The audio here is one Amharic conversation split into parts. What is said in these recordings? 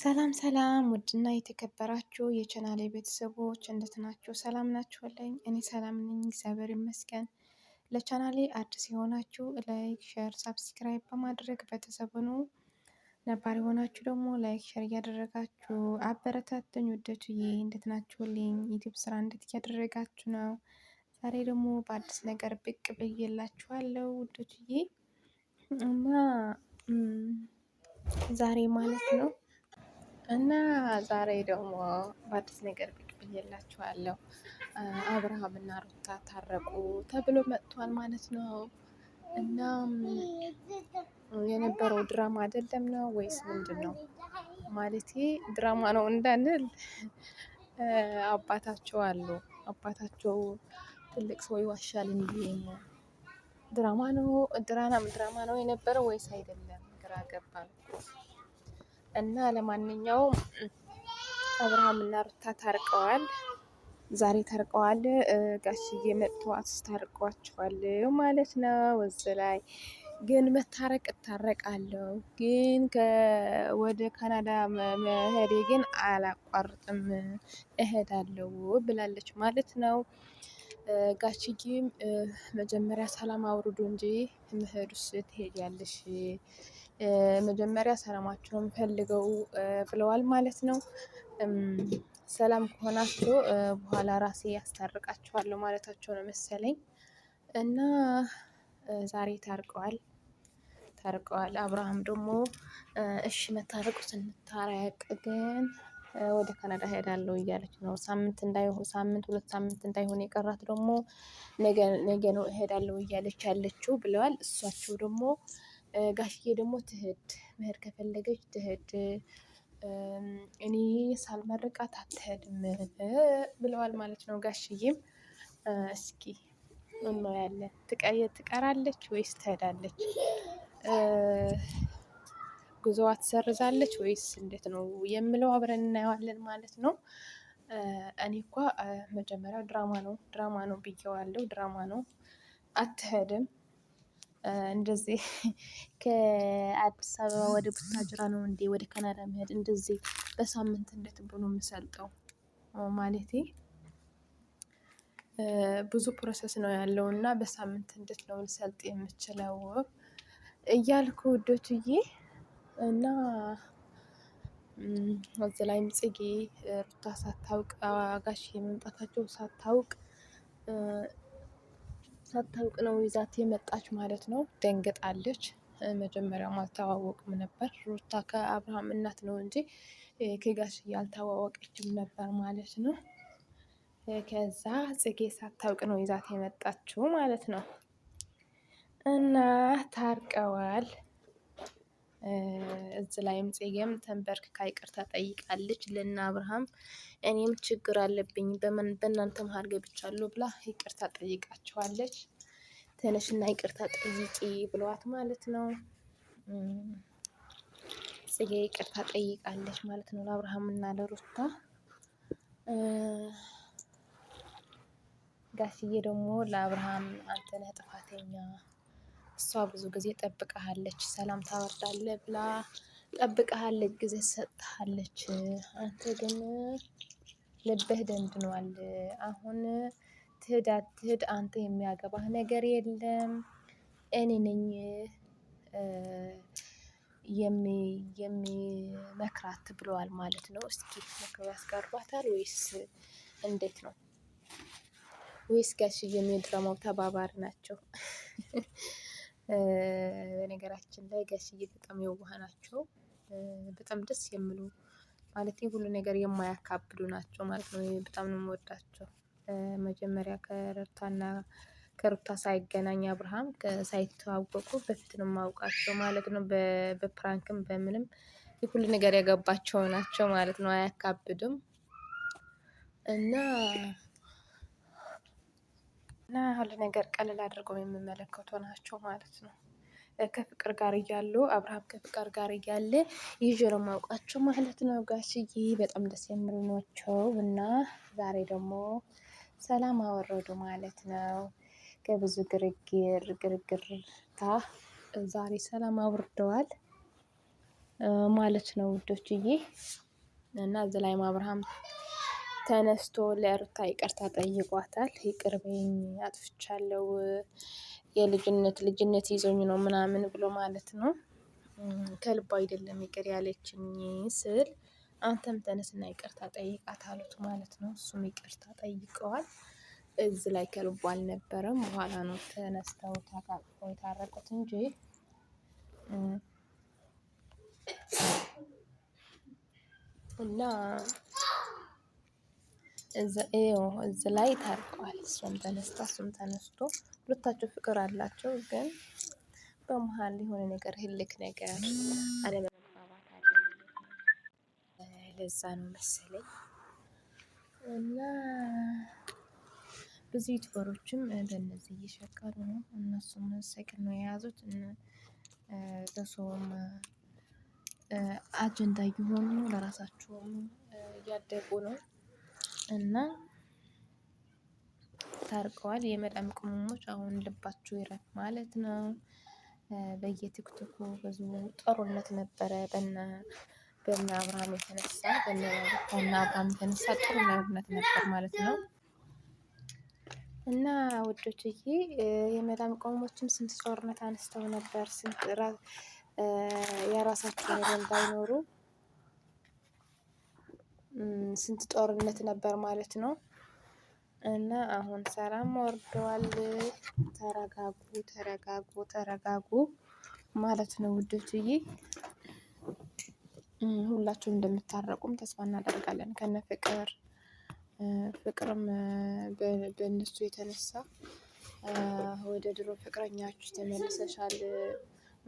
ሰላም ሰላም ውድና የተከበራችሁ የቻናሌ ቤተሰቦች እንዴት ናችሁ? ሰላም ናችሁልኝ? እኔ ሰላም ነኝ፣ እግዚአብሔር ይመስገን። ለቻናሌ አዲስ የሆናችሁ ላይክ፣ ሼር፣ ሳብስክራይብ በማድረግ ቤተሰብ ሁኑ። ነባር የሆናችሁ ደግሞ ላይክ፣ ሼር እያደረጋችሁ አበረታቱኝ። ውዶችዬ እንዴት ናችሁልኝ? ዩቲዩብ ስራ እንዴት እያደረጋችሁ ነው? ዛሬ ደግሞ በአዲስ ነገር ብቅ ብዬላችኋለሁ ውዶችዬ እና ዛሬ ማለት ነው እና ዛሬ ደግሞ በአዲስ ነገር ብቅ ብዬላችኋለሁ። አብርሃም እና ሩታ ታረቁ ተብሎ መጥቷል ማለት ነው። እና የነበረው ድራማ አይደለም ነው ወይስ ምንድን ነው? ማለት ድራማ ነው እንዳንል አባታቸው አሉ። አባታቸው ትልቅ ሰው ይዋሻል እንዲ ድራማ ነው ድራማ ነው የነበረው ወይስ አይደለም? ግራ ገባል። እና ለማንኛውም አብርሃም እና ሩታ ታርቀዋል። ዛሬ ታርቀዋል። ጋሽዬ መጥቶ አስታርቋቸዋል ማለት ነው። እዚ ላይ ግን መታረቅ እታረቃለሁ፣ ግን ወደ ካናዳ መሄዴ ግን አላቋርጥም እሄዳለሁ ብላለች ማለት ነው። ጋሽዬም መጀመሪያ ሰላም አውርዱ እንጂ መሄዱስ ትሄጃለሽ መጀመሪያ ሰላማቸውን ፈልገው ብለዋል ማለት ነው። ሰላም ከሆናቸው በኋላ ራሴ ያስታርቃቸዋለሁ ማለታቸው ነው መሰለኝ። እና ዛሬ ታርቀዋል ታርቀዋል። አብርሃም ደግሞ እሺ መታረቁ ስንታረቅ ግን ወደ ካናዳ ሄዳለሁ እያለች ነው። ሳምንት እንዳይሆን ሳምንት ሁለት ሳምንት እንዳይሆን የቀራት ደግሞ ነገ ነው እሄዳለሁ እያለች ያለችው ብለዋል። እሷቸው ደግሞ ጋሽዬ ደግሞ ትህድ መሄድ ከፈለገች ትህድ እኔ ሳልመርቃት አትሄድም ብለዋል ማለት ነው። ጋሽዬም እስኪ እናያለን ትቀየ ትቀራለች ወይስ ትሄዳለች? ጉዞዋ ትሰርዛለች ወይስ እንዴት ነው የምለው አብረን እናየዋለን ማለት ነው። እኔ እኳ መጀመሪያው ድራማ ነው ድራማ ነው ብዬዋለሁ። ድራማ ነው አትሄድም እንደዚህ ከአዲስ አበባ ወደ ቡታጅራ ነው እንዴ ወደ ካናዳ መሄድ? እንደዚህ በሳምንት እንዴት ብሎ የምሰልጠው ማለቴ ብዙ ፕሮሰስ ነው ያለው እና በሳምንት እንዴት ነው ልሰልጥ የምችለው እያልኩ ውዶችዬ እና እዚህ ላይም ጽጌ ሩታ ሳታውቅ አጋሽ የመምጣታቸው ሳታውቅ ሳታውቅ ነው ይዛት የመጣች ማለት ነው። ደንግጣለች። መጀመሪያም አልተዋወቁም ነበር። ሩታ ከአብርሃም እናት ነው እንጂ ከጋሽዬ አልተዋወቀችም ነበር ማለት ነው። ከዛ ጽጌ ሳታውቅ ነው ይዛት የመጣችው ማለት ነው። እና ታርቀዋል። እዚህ ላይም ጽጌም ተንበርክካ ይቅርታ ጠይቃለች ለና አብርሃም። እኔም ችግር አለብኝ በእናንተ መሀል ገብቻለሁ ብላ ይቅርታ ጠይቃቸዋለች። ተነሽና ይቅርታ ጠይቂ ብለዋት ማለት ነው። ጽጌ ይቅርታ ጠይቃለች ማለት ነው ለአብርሃም እና ለሩታ። ጋሽዬ ደግሞ ለአብርሃም አንተ ነህ ጥፋተኛ እሷ ብዙ ጊዜ ጠብቀሃለች፣ ሰላም ታወርዳለ ብላ ጠብቀሃለች፣ ጊዜ ሰጥሃለች። አንተ ግን ልብህ ደንድኗል። አሁን ትህድ አትህድ፣ አንተ የሚያገባህ ነገር የለም። እኔ ነኝ የሚመክራት ብለዋል ማለት ነው። እስኪ መክረው ያስቀርባታል ወይስ እንዴት ነው? ወይስ ጋሽ የድራማው ተባባሪ ናቸው? በነገራችን ላይ ጋሽዬ በጣም የዋህ ናቸው። በጣም ደስ የሚሉ ማለት ሁሉ ነገር የማያካብዱ ናቸው ማለት ነው። በጣም ነው የምወዳቸው። መጀመሪያ ከሩታና ከሩታ ሳይገናኝ አብርሃም ሳይተዋወቁ በፊት ነው የማውቃቸው ማለት ነው። በፕራንክም በምንም ሁሉ ነገር የገባቸው ናቸው ማለት ነው። አያካብዱም እና እና ሁሉ ነገር ቀለል አድርገው የሚመለከቱ ናቸው ማለት ነው። ከፍቅር ጋር እያሉ አብርሃም ከፍቅር ጋር እያለ ይዤ ነው የማውቃቸው ማለት ነው። ጋሽዬ በጣም ደስ የሚሉ ናቸው እና ዛሬ ደግሞ ሰላም አወረዱ ማለት ነው። ከብዙ ግርግር ግርግርታ ዛሬ ሰላም አውርደዋል ማለት ነው ውዶችዬ እና እዚህ ላይም አብርሃም ተነስቶ ለሩታ ይቅርታ ጠይቋታል። ይቅር በይኝ አጥፍቻለሁ፣ የልጅነት ልጅነት ይዞኝ ነው ምናምን ብሎ ማለት ነው። ከልባ አይደለም ይቅር ያለችኝ ስል አንተም ተነስና ይቅርታ ጠይቃት አሉት ማለት ነው። እሱም ይቅርታ ጠይቀዋል። እዚ ላይ ከልቡ አልነበረም። በኋላ ነው ተነስተው ተቃቅፈው የታረቁት እንጂ እና እዚ ላይ ታርቀዋል። እሷም ተነስታ እሱም ተነስቶ ሁለታቸው ፍቅር አላቸው፣ ግን በመሀል የሆነ ነገር ህልክ ነገር አለመግባባት አለ። ለዛ ነው መሰለኝ እና ብዙ ዩቱበሮችም በእነዚህ እየሸቀሉ ነው። እነሱም ሰቅል ነው የያዙት ለሰውም አጀንዳ እየሆኑ ለራሳቸውም እያደጉ ነው። እና ታርቀዋል። የመዳም ቅመሞች አሁን ልባችሁ ይረፍ ማለት ነው። በየቲክቶኩ ብዙ ጦርነት ነበረ በና በና አብርሃም የተነሳ በና አብርሃም የተነሳ ጥሩ ነርነት ነበር ማለት ነው። እና ውዶችዬ የመዳም ቅመሞችም ስንት ጦርነት አንስተው ነበር ስንት የራሳቸው ነገር እንዳይኖሩ ስንት ጦርነት ነበር ማለት ነው። እና አሁን ሰላም ወርደዋል። ተረጋጉ ተረጋጉ ተረጋጉ ማለት ነው ውዶችዬ። ሁላችሁም እንደምታረቁም ተስፋ እናደርጋለን ከነ ፍቅር ፍቅርም በእነሱ የተነሳ ወደ ድሮ ፍቅረኛችሁ ተመልሰሻል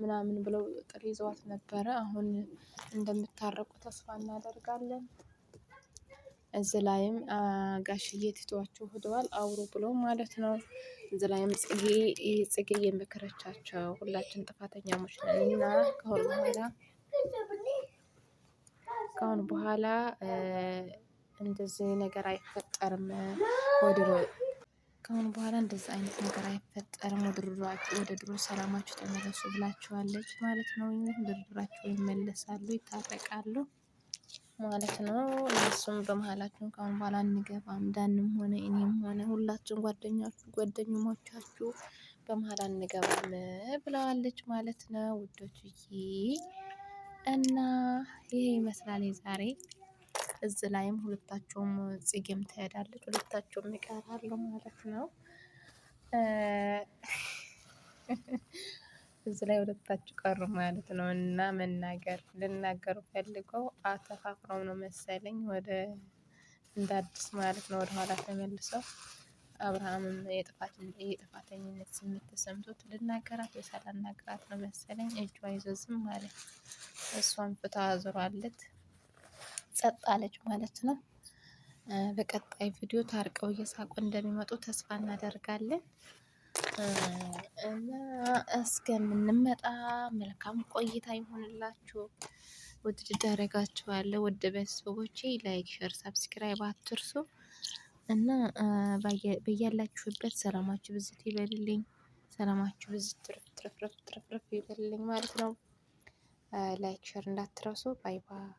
ምናምን ብለው ጥሪ ይዘዋት ነበረ። አሁን እንደምታረቁ ተስፋ እናደርጋለን። እዚህ ላይም ጋሽዬ ትቷችሁ ሂደዋል አውሩ ብሎ ማለት ነው። እዚህ ላይም ጽጌ ጽጌ እየመከረቻቸው ሁላችን ሞች ነን እና ከአሁን በኋላ ከአሁን በኋላ እንደዚህ ነገር አይፈጠርም ወድሮ ከአሁን በኋላ እንደዚህ አይነት ነገር አይፈጠርም ወደ ድሮ ሰላማችሁ ተመለሱ ብላችኋለች ማለት ነው። ድርድራቸው ይመለሳሉ፣ ይታረቃሉ። ማለት ነው። እነሱም በመሀላችን ከአሁን በኋላ አንገባም፣ ዳንም ሆነ እኔም ሆነ ሁላችን ጓደኛችሁ ጓደኞቻችሁ በመሃል አንገባም ብለዋለች ማለት ነው ውዶችዬ። እና ይሄ ይመስላል ዛሬ እዚህ ላይም ሁለታቸውም ጽጌም ትሄዳለች፣ ሁለታቸውም ይቀራሉ ማለት ነው። እዚ ላይ ሁለታችሁ ቀሩ ማለት ነው። እና መናገር ልናገሩ ፈልገው አተፋፍረው ነው መሰለኝ ወደ እንደ አዲስ ማለት ነው ወደኋላ ተመልሰው አብርሃምም የጥፋተኝነት ስሜት ተሰምቶት ልናገራት ወይ ሳላናገራት ነው መሰለኝ እጇ ይዘዝም ማለት እሷን ፍታ አዙሯለት ጸጥ አለች ማለት ነው። በቀጣይ ቪዲዮ ታርቀው እየሳቁ እንደሚመጡ ተስፋ እናደርጋለን። እና እስከምንመጣ መልካም ቆይታ ይሆንላችሁ። ውድድ አደርጋችኋለሁ ውድ ቤተሰቦቼ። ላይክ፣ ሸር፣ ሳብስክራይብ አትርሱ እና በያላችሁበት ሰላማችሁ ብዝት ይበልልኝ። ሰላማችሁ ብዝት ትርፍርፍርፍርፍ ይበልልኝ ማለት ነው። ላይክ፣ ሸር እንዳትረሱ። ባይ ባይ